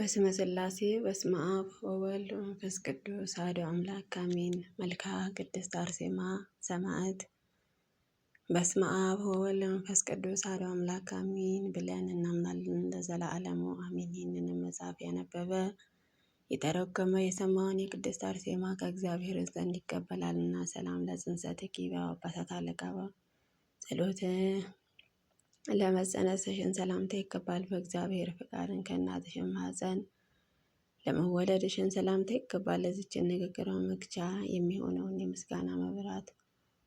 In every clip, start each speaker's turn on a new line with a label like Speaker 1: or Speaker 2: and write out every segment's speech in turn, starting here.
Speaker 1: በስመ ሥላሴ በስመ አብ ወወልድ ወመንፈስ ቅዱስ አሐዱ አምላክ አሜን። መልክዓ ቅድስት አርሴማ ሰማዕት። በስመ አብ ወወልድ ወመንፈስ ቅዱስ አሐዱ አምላክ አሜን ብለን እናምናለን ለዘላለሙ አሜን። ይህንን መጽሐፍ ያነበበ የተረጎመ የሰማውን የቅድስት አርሴማ ከእግዚአብሔር ዘንድ ይቀበላልና። ሰላም ለጽንሰትኪ በጳጳሳት አለቃ ጸሎት ለመጸነስሽን ሰላምታ ይገባል። በእግዚአብሔር ፍቃድን ከእናትሽን ማኅፀን ለመወለድሽን ሰላምታ ይገባል። ለዚችን ንግግሯ መግቻ የሚሆነውን የምስጋና መብራት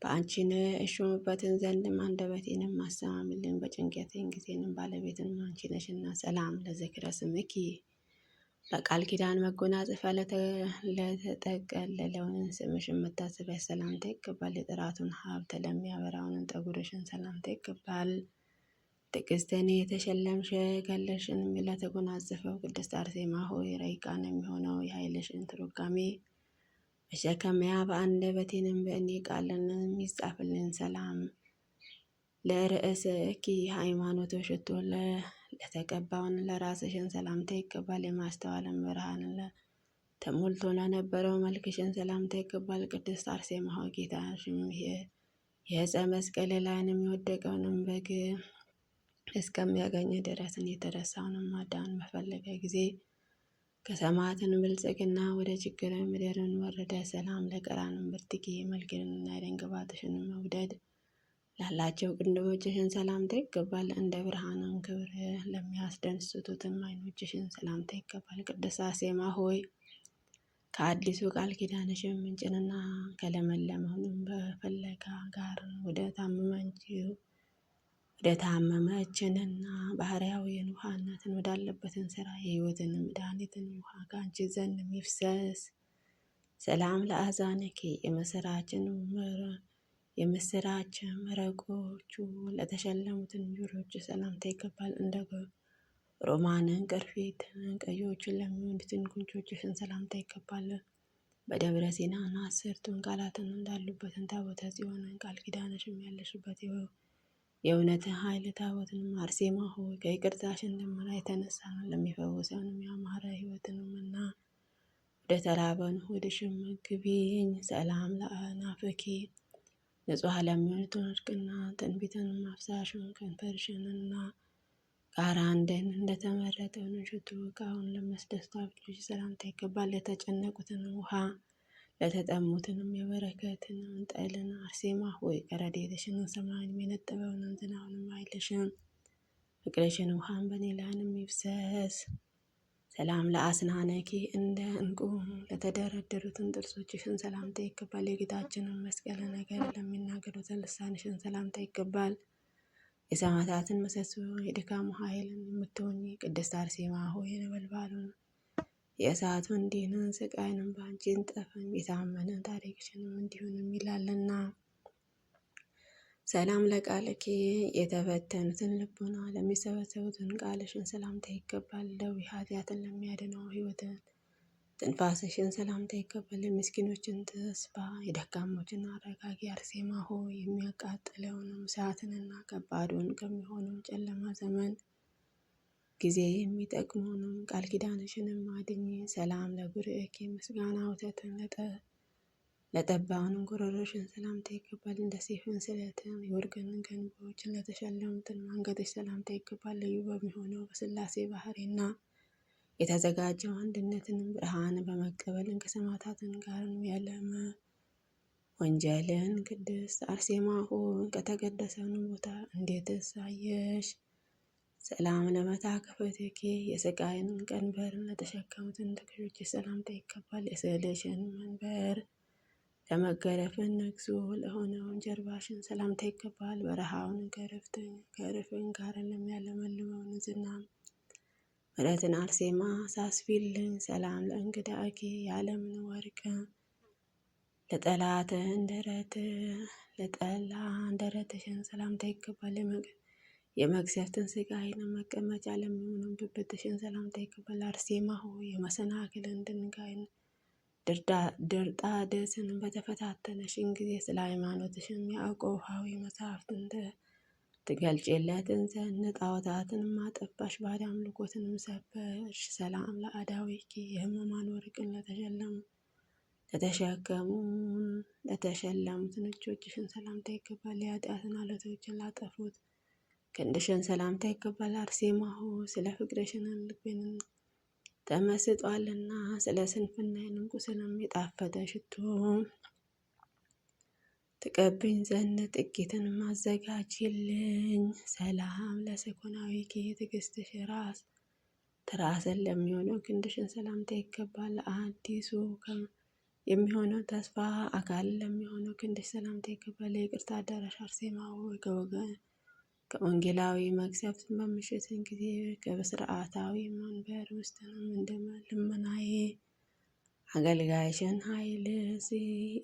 Speaker 1: በአንቺን እሹምበትን ዘንድም አንደበቴንም ማሰማምልን በጭንቀቴን ጊዜንም ባለቤትን አንቺ ነሽና፣ ሰላም ለዝክረ ስምኪ በቃል ኪዳን መጎናጽፈ ለተጠቀለለውን ስምሽ መታሰቢያ ሰላምታ ይገባል። የጥራቱን ሀብት ለሚያበራውን ጠጉርሽን ሰላምታ ይገባል። ትዕግስትን የተሸለምሽ ገለሽን ለተጎናጸፈው ቅድስት አርሴማ ሆይ ረቂቃን የሚሆነው የኃይልሽን ትርጓሜ መሸከሚያ በአንደበቴንም በእኔ ቃልን የሚጻፍልን ሰላም እኪ ሃይማኖት ሽቶ ለተቀባውን ለራስሽን ሰላምታ ይገባል። የማስተዋልን ብርሃን ተሞልቶ ለነበረው መልክሽን ሰላምታ ይገባል። ቅድስት አርሴማ ሆይ ጌታሽም የዕፀ መስቀል ላይን የሚወደቀውንም በግ እስከሚያገኝ ድረስ የተረሳውንም ማዳን በፈለገ ጊዜ ከሰማያትን ብልጽግና ወደ ችግር ምድርን ወረደ። ሰላም ለቀራንም ብርትጌ መልክንና የደንግባትሽን መውደድ ላላቸው ቅንድቦችሽን ሰላምታ ይገባል። እንደ ብርሃንም ክብር ለሚያስደንስቱትም ዓይኖችሽን ሰላምታ ይገባል። ቅድስት አርሴማ ሆይ ከአዲሱ ቃል ኪዳንሽ ምንጭንና ከለመለመውንም በፈለጋ ጋር ወደ ታመመችው ወደ ታመመችንና ባህርያዊን ውሃ እናትን ወዳለበትን ስራ የህይወትን መድኃኒትን ውሃ ከአንቺ ዘንድ የሚፍሰስ ሰላም ለአዛንኪ የምስራችን የምስራች መረቆቹ ለተሸለሙትን ጆሮች ሰላምታ ይገባል። እንደ ሮማንን ቅርፊትን ቀዮችን ለሚወዱትን ጉንጮችሽን ሰላምታ ይገባል። በደብረ ሲናና አስርቱን ቃላትን እንዳሉበትን ታቦተ ጽዮንን ቃል ኪዳንሽም ያለሽበት የእውነት ኃይል ታቦትን አርሴማ ሆይ ከይቅርታሽን ደመና የተነሳ ነው ለሚፈውሰን የሚያማረ ሕይወትንም እና ወደ ተራበን ሆድሽም ግቢኝ። ሰላም ለአናፍኪ ንጹሕ ለሚሆኑትን እርቅና ትንቢትን ማፍሳሽን ከንፈርሽንና ጋራ እንደን እንደተመረጠውን ሽቱ እቃውን ለሚያስደስቱ ልጆች ሰላምታ ይገባል። የተጨነቁትን ውሃ ለተጠሙትንም የበረከትን ጠልን አርሴማ ሆይ ረድኤትሽን ሰማይን የነጠበውንም ዝናውንም አይለሽም ፍቅርሽን ውሃን በኔላንም ይፍሰስ። ሰላም ለአስናነኪ እንደ እንቁ ለተደረደሩትን ጥርሶችሽን ሰላምታ ይገባል። የጌታችንን መስቀል ነገር ለሚናገሩትን ልሳንሽን ሰላምታ ይገባል። የሰማዕታትን ምሰሶ የድካሙ ኃይልን የምትሆኚ ቅድስት አርሴማ ሆይ ነበልባሉን የእሳቱ እንዲህንን ስቃይንም በአንቺ እንጠፈም የታመነ ታሪክሽንም እንዲሆንም ይላልና። ሰላም ለቃልኪ የተበተኑትን ልቡና ለሚሰበሰቡትን ቃልሽን ሰላምታ ይገባል። ለዊ ኃጢአትን ለሚያድነው ህይወትን ትንፋስሽን ሰላምታ ይገባል። የምስኪኖችን ተስፋ የደካሞችን አረጋጊ አርሴማ ሆይ የሚያቃጥለውንም እሳትንና ከባዱን ከሚሆነው ጨለማ ዘመን ጊዜ የሚጠቅሙንም ቃል ኪዳንሽንም አድኝ ሰላም ለጉርኤኪ ምስጋና ውተትን ለጠባውንም ጉሮሮሽን ሰላምታ ይገባል። እንደ ሴፍን ስለትም የወርቅንን ለተሸለሙትን አንገቶች ሰላምታ ይገባል። ልዩ በሚሆነው በስላሴ ባህሪና የተዘጋጀው አንድነትን ብርሃን በመቀበልን ከሰማዕታትን ጋርም ያለመ ወንጀልን ቅድስት አርሴማ ሆይ ከተቀደሰውን ቦታ እንዴትስ ሳየሽ ሰላም ለመታ ለመታከፈትኪ የስቃይን ቀንበር ለተሸከሙትን ትከሾች ሰላምታ ይገባል። የስዕልሽን መንበር ለመገረፍን ነግሶ ለሆነውን ጀርባሽን ሰላምታ ይገባል። በረሃውን ገረፍትን ገርፍን ጋርን ለሚያለመልመውን ዝናም ምሕረትን አርሴማ ሳስቢልን ሰላም ለእንግዳ አኬ የዓለምን ወርቅ ለጠላት እንደረት ለጠላ እንደረትሽን ሰላምታ ይገባል። የመግዚያትን ስጋ ዓይነ መቀመጫ ለሚሆነው ብብትሽን ሰላምታ ይቀበል። አርሴማ ሆይ የመሰናክልን ድንጋይን ድርጣድስን በተፈታተነሽን ጊዜ ስለ ሃይማኖትሽም ያዕቆባዊ መጽሐፍትን ትገልጭለትን ዘንድ ጣዖታትን ማጠፋሽ ባዕድ አምልኮትንም ሰበርሽ። ሰላም ለአዳዊኪ የህመማን ወርቅን ለተሸለሙ ለተሸከሙ ለተሸለሙትን እጆችሽን ሰላምታ ይገባል። የኃጢአትን አለቶችን ላጠፉት ክንድሽን ሰላምታ ይገባል አርሴማ ሆ ስለ ፍቅርሽን ልቤን ተመስጧልና ስለ ስንፍናዬን እንቁ የጣፈጠ ሽቶ ትቀብኝ ዘንድ ጥቂትን ማዘጋጅልኝ። ሰላም ለሰኮናዊ ጌ ትግስትሽ ራስ ትራስን ለሚሆነው ክንድሽን ሰላምታ ይገባል። አዲሱ የሚሆነው ተስፋ አካል ለሚሆነው ክንድሽ ሰላምታ ይገባል። የቅርታ አዳራሽ አርሴማ ሆይ ከወንጌላዊ መክሰፍት በምሽትን ጊዜ በስርዓታዊ መንበር ውስጥ ነው ልመናዬ አገልጋይሽን ኃይል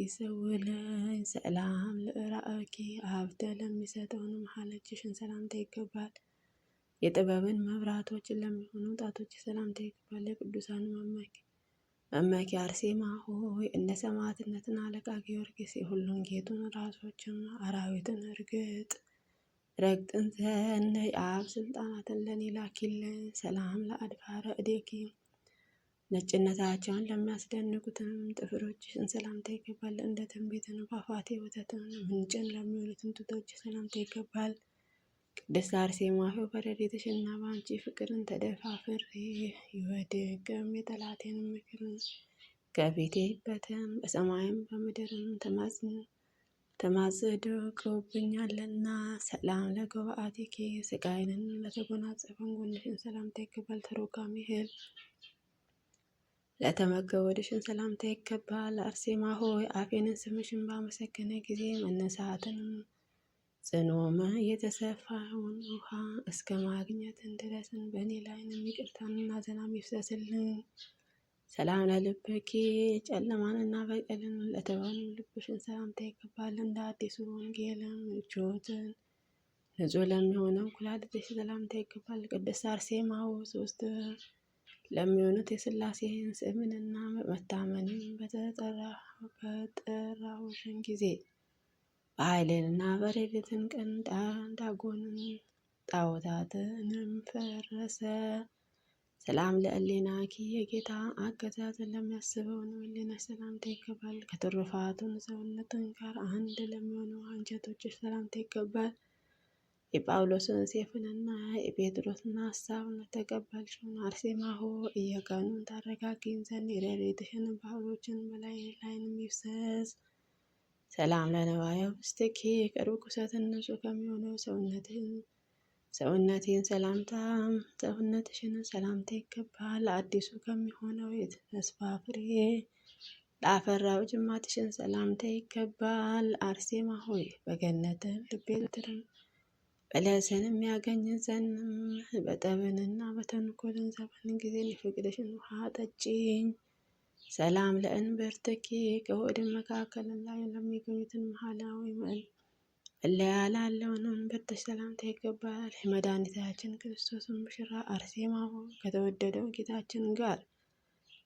Speaker 1: ይሰውለኝ። ሰላም ለራእኪ ሀብተ ለሚሰጠውን መሀለችሽን ሰላምታ ይገባል። የጥበብን መብራቶች ለሚሆኑ ጣቶች ሰላምታ ይገባል። የቅዱሳን መመኪ መመኪ አርሴማ ሆይ እንደ ሰማዕትነትን አለቃ ጊዮርጊስ የሁሉን ጌቱን ራሶችን አራዊትን እርግጥ ረግጥን ዘነይ አብ ስልጣናትን ለኔ ላኪልን። ሰላም ለአድባረ እዴኪ ነጭነታቸውን ለሚያስደንቁትም ጥፍሮችሽን ሰላምታ ይገባል። እንደ ትንቢትን ፏፏቴ ወተትን ምንጭን ለሚሆኑትን ጡቶች ሰላምታ ይገባል። ቅድስት አርሴማ ሆይ በረድኤትሽ እና በአንቺ ፍቅርን ተደፋፍሬ ይወድቅም የጠላቴን ምክርን ከቤቴ በትም በሰማይም በምድርም ተማጽኑ ተማጽደውብኛልና ሰላም ለግብአቲኪ ስቃይንን ለተጎናጸፈን ጎንሽን ሰላምታ ይገባል። ተርጓሜ ህብ ለተመገበልሽን ሰላምታ ይገባል። አርሴማ ሆይ አፌንን ስምሽን ባመሰገነ ጊዜ መነሳትን ጽኖመ የተሰፋውን ውሃ እስከ ማግኘትን ድረስን በእኔ ላይንም ይቅርታንና ዘናም ይፍሰስልን። ሰላም ለልብኪ ጨለማንና በቀልን ለተባሉ ልብሽን ሰላምታ ይገባል። እንደ አዲሱ ወንጌል ምቾትን ንጹሕ ለሚሆነው ኩላሊትሽ ሰላምታ ይገባል። ቅድስት አርሴማ ውስጥ ለሚሆኑት የስላሴን ስምንና መታመንን በተጠራሁሽን ጊዜ በኃይልንና በሌሊትን ቀን ዳጎንን ጣዖታትንም ፈረሰ ሰላም ለእሌና ኪ የጌታ አገዛዝን ለሚያስበው ነው። እሌና ሰላምታ ይገባል። ከትሩፋቱን ሰውነትን ጋር አንድ ለሚሆነው አንጀቶች ሰላምታ ይገባል። የጳውሎስን ሴፍንና የጴጥሮስን ሀሳብን ተቀበልሽውን አርሴማ ሆ እየቀኑን ታረጋግኝ ዘንድ የሌሊትሽን ባህሮችን በላይ ላይንም ይፍሰስ። ሰላም ለነዋየ ውስጥኪ ቁሰትን ንጹሕ ከሚሆነው ሰውነትሽን ሰውነቴን ሰላምታ ሰውነትሽን ሰላምታ ይገባል። አዲሱ ከሚሆነው የተስፋ ፍሬ ለአፈራው ጅማትሽን ሰላምታ ይገባል። አርሴማ ሆይ በገነትህ ልቤ ትርም በለስን የሚያገኝ ዘንም በጠብንና በተንኮልን ዘመን ጊዜን የፍቅርሽን ውሃ ጠጪኝ። ሰላም ለእንብርትኪ ከሆድን መካከልን ላይ ለሚገኙትን መሃላዊ መል ለያላለውንም በተሽ ሰላምታ ይገባል። የመድኃኒታችን ክርስቶስን ብሽራ አርሴማ ሆይ ከተወደደው ጌታችን ጋር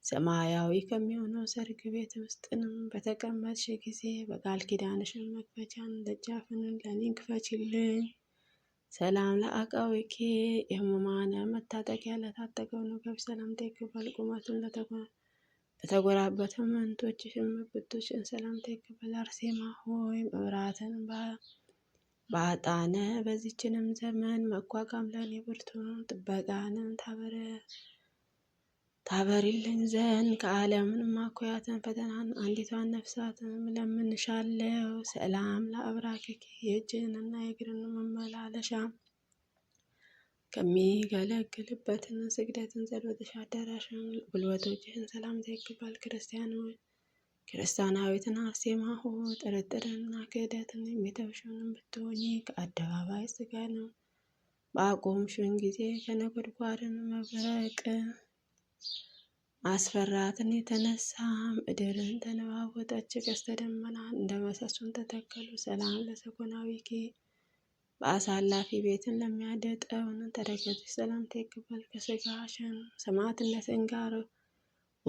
Speaker 1: ሰማያዊ ከሚሆነው ሰርግ ቤት ውስጥንም በተቀመጥሽ ጊዜ በቃል ኪዳንሽን መክፈቻን ደጃፍንን ለኔ ክፈችልኝ። ሰላም ለአቃዊኬ የህሙማን መታጠቂያ ለታጠቀው ወገብ ሰላምታ ይገባል። ቁመቱን ለተጎራበተ መንቶችሽን ብብቶችን ሰላምታ ይገባል። አርሴማ ሆይ መብራትን ባጣነ በዚችንም ዘመን መቋቋም ለኔ ብርቱ ነው። ጥበቃንም ታበረ ታበሪልን ዘንድ ከዓለምን ማኩያትን ፈተናን አንዲቷን ነፍሳትን ለምንሻለው። ሰላም ለአብራክኪ የእጅንና የእግርን መመላለሻ ከሚገለግልበትን ስግደትን ጸሎትሽ አዳራሽን ጉልበቶችህን ሰላምታ ይገባል ክርስቲያኖች ክርስቲያናዊትን አርሴማ ሆይ ጥርጥርና ክህደትን የሚተውሽንም ብትሆኚ ከአደባባይ ስጋ ስጋንም በአቆምሽን ጊዜ ከነጎድጓድን መብረቅ አስፈራትን የተነሳ ምድርን ተነዋወጠች። ቀስተ ደመና እንደ መሰሶን ተተከሉ። ሰላም ጌ በአሳላፊ ቤትን ለሚያደጠውን ተረከዝሽ ሰላምታ ይገባል። ከስጋሽን ሰማዕትነትን ጋር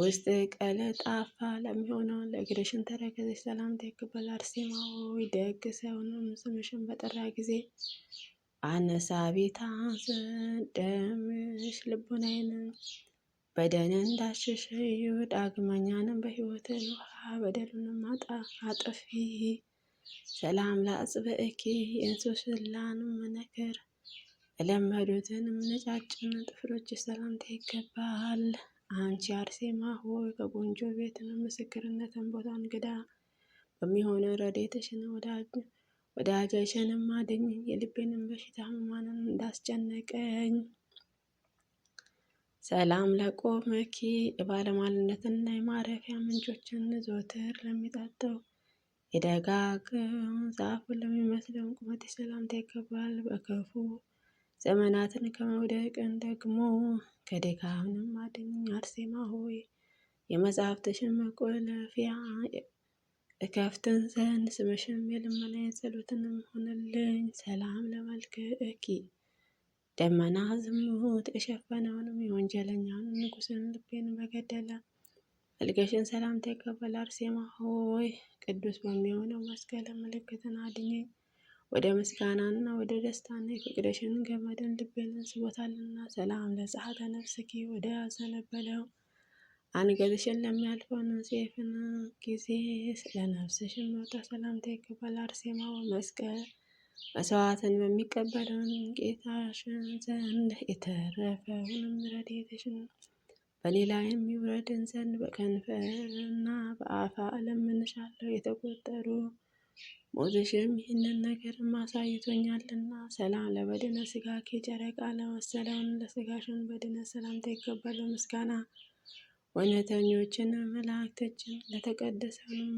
Speaker 1: ውስጥ ቀለጣፋ ለሚሆነው ለእግርሽን ተረከዘች ሰላምታ ይገባል። አርሴማ ሆይ ደግ ሰውንም ስምሽን በጠራ ጊዜ አነሳ ታንስን ደምሽ ልቡናይንም በደን እንዳሸሽ ዳግመኛንም በሕይወትን ውሃ ማጣ አጥፊ። ሰላም ለአጽብእኪ እንሶስላን መነክር ለመዱትን ነጫጭን ጥፍሮች ሰላምታ ይገባል። አንቺ አርሴማ ሆይ ከጎንጆ ቤት ምስክርነትን ቦታ እንግዳ በሚሆነ ረድኤትሽን ወዳጅ ወዳጅሽንም ማድኝ የልቤንም በሽታ ሕሙማንን እንዳስጨነቀኝ ሰላም ለቆመኪ የባለሟልነትና የማረፊያ ምንጮችን ዘወትር ለሚጠጠው የደጋግም ዛፍ ለሚመስለው ቁመት ሰላምታ ይገባል። በክፉ ዘመናትን ከመውደቅን ደግሞ ከድካምም አድኝ አርሴማ ሆይ የመጽሐፍትሽን መቆለፊያ እከፍትን ዘንድ ስምሽም የልመና የጸሎትንም ሆነልኝ። ሰላም እኪ ደመና ዝሙት የሸፈነውንም የወንጀለኛውን ንጉስን ልቤን በገደለ መልክሽን ሰላምታ ይቀበል አርሴማ ሆይ ቅዱስ በሚሆነው መስቀል ምልክትን አድኜ ወደ ምስጋናና ወደ ደስታና የፍቅርሽን ገመድን ልቤን ስቦታልና ሰላም ለጸአተ ነፍስኪ ወደ ያዘነበለው አንገትሽን ለሚያልፈው ሰይፍን ጊዜ ለነፍስሽን መውጣ ሰላምታ ይገባል። አርሴማው መስቀል መስዋዕትን በሚቀበለውን ጌታሽን ዘንድ የተረፈውንም ረድኤትሽን በሌላ የሚውረድን ዘንድ በከንፈርና በአፋ እለምንሻለሁ የተቆጠሩ ሞግዚሽም ይህንን ነገር አሳይቶኛልና ሰላም ለበድነ ስጋ ከጨረቃ ለመሰለውን ለስጋሽን በድነ ሰላምታ ይገባል በምስጋና ወነተኞችን መላእክቶችን ለተቀደሰውን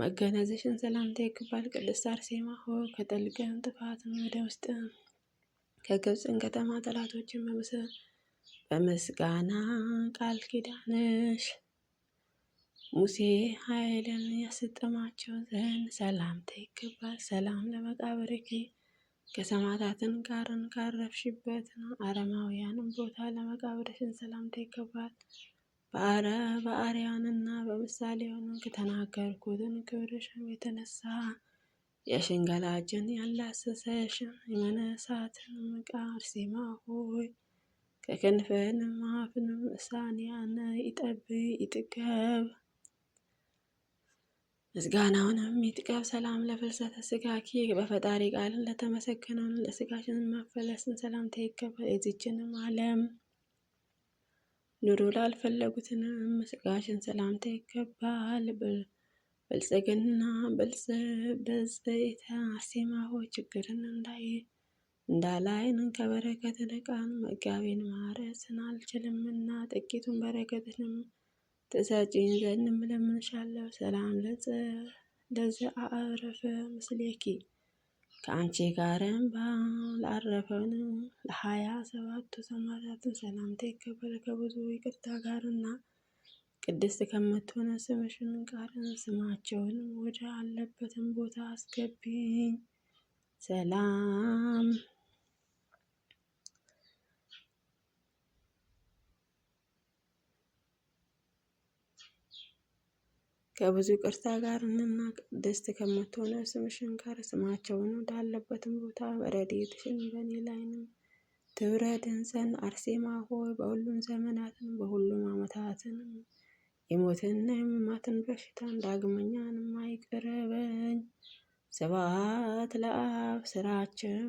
Speaker 1: መገነዘሽን ሰላምታ ይገባል። ቅድስት አርሴማ ሆ ከጥልቅም ጥፋት ወደ ውስጥ ከግብፅን ከተማ ጠላቶችን በምስጋና ቃል ኪዳንሽ ሙሴ ኃይልን ያስጠማቸው ዘንድ ሰላምታ ይገባል። ሰላም ለመቃብርኪ ከሰማዕታትን ጋርን ካረፍሽበት አረማውያንን ቦታ ለመቃብርሽን ሰላምታ ይገባል። በአረ በአርያንና በምሳሌውን ከተናገርኩትን ክብርሽም የተነሳ የሽንገላጅን ያላሰሰሽ የመነሳትን ምቃ አርሴማ ሆይ ከከንፈንም አፍንም እሳንያን ይጠብ ይጥገብ ምስጋናውንም ይጥቀብ። ሰላም ለፍልሰተ ስጋኪ በፈጣሪ ቃልን ለተመሰገነውን ለስጋሽን መፈለስን ሰላምታ ይገባል። የዚችንም ዓለም ኑሮ ላልፈለጉትንም ስጋሽን ሰላምታ ይገባል። ብልጽግና ብጽዕተ አርሴማ ሆይ ችግርን እንዳይ እንዳላይን ከበረከት ርቃን መጋቢን ማረስን አልችልምና ጥቂቱን በረከትንም ትሰጪን ዘንድ እለምንሻለሁ። ሰላም ለዘ አዕረፈ ምስሌኪ ከአንቺ ጋርም ላረፈን ለሀያ ሰባቱ ሰማዕታትን ሰላምታ ይከበረ ከብዙ ይቅርታ ጋርና ቅድስት ከምትሆነ ስምሽን ጋር ስማቸውን ወደ አለበትን ቦታ አስገቢኝ። ሰላም ከብዙ ቅርታ ጋር እና ቅድስት ከምትሆነ ስምሽን ጋር ስማቸውን ወዳለበትም ቦታ ረድኤትሽን በእኔ ላይ ነው። ትውረድን ዘንድ አርሴማ ሆይ በሁሉም ዘመናትን በሁሉም ዓመታትንም የሞትንና የመማትን በሽታን ዳግመኛንም አይቅረበኝ። ስብሐት ለአብ ስራችን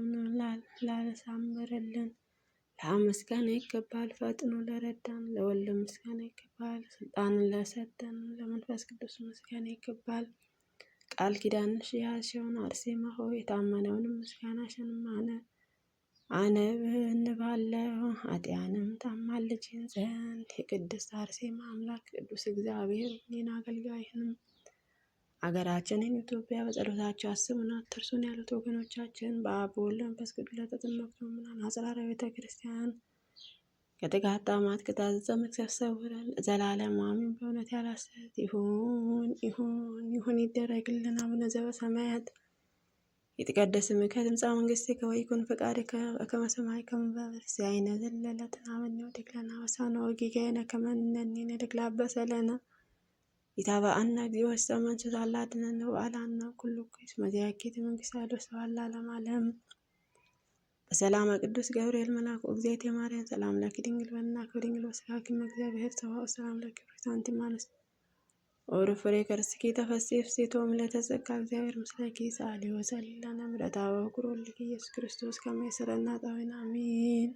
Speaker 1: ላለሳምርልን ለአብ ምስጋና ይገባል፣ ፈጥኖ ለረዳን ለወልድ ምስጋና ይገባል፣ ስልጣንን ለሰጠን ለመንፈስ ቅዱስ ምስጋና ይገባል። ቃል ኪዳንሽ ያዝሽውን አርሴማ ሆይ የታመነውንም ምስጋናሽን አነ አነብ እንባለው አጢያንም ታማልጅን ዘንድ የቅድስት አርሴማ አምላክ ቅዱስ እግዚአብሔር እኔን አገልጋይህንም አገራችንን ኢትዮጵያ በጸሎታቸው አስቡን አትርሱን ያሉት ወገኖቻችን በአብ ወወልድ ወመንፈስ ቅዱስ ለተጠመቁ ምእመናን አጽራረ ቤተ ክርስቲያን ከጥቃት ጣማት ቅጣት መቅሰፍ ሰውረን ዘላለም አሜን። በእውነት ያላሰት ይሁን ይሁን ይሁን ይደረግልን። አቡነ ዘበሰማያት የተቀደሰ ስምከ ትምጻእ መንግሥትከ ወይኩን ፈቃድከ በከመ በሰማይ ከመ በምድር ሲአይነ ዘለለተነ ሀበነ ወኅብግ ለነ አበሳነ ወጌጋየነ ከመ ንሕነኒ ንኅድግ ለአበሰ ለነ የተባአና እግዚኦ ሰመን ስላላ ድነነ በዓላና ኩሉ ኩስ መዚያኬት መንግስት ያዶ ሰዋላ ለማለም በሰላም ቅዱስ ገብርኤል መልአኩ እግዚአብሔር የማርያም ሰላም ለኪ ድንግል በና ድንግል ወስራኪ እግዚአብሔር ሰዋው ሰላም ለኪ ፍሪታንቲ ማነስ ኦሮ ፍሬ ከርስኪ ፍሴቶ ሴቶም ለተጸጋ እግዚአብሔር ምስለኪ ሰዓሊ ወሰሊላና ምረታ ወጉሮልኪ ኢየሱስ ክርስቶስ ከመሰረና ጣዊን አሜን።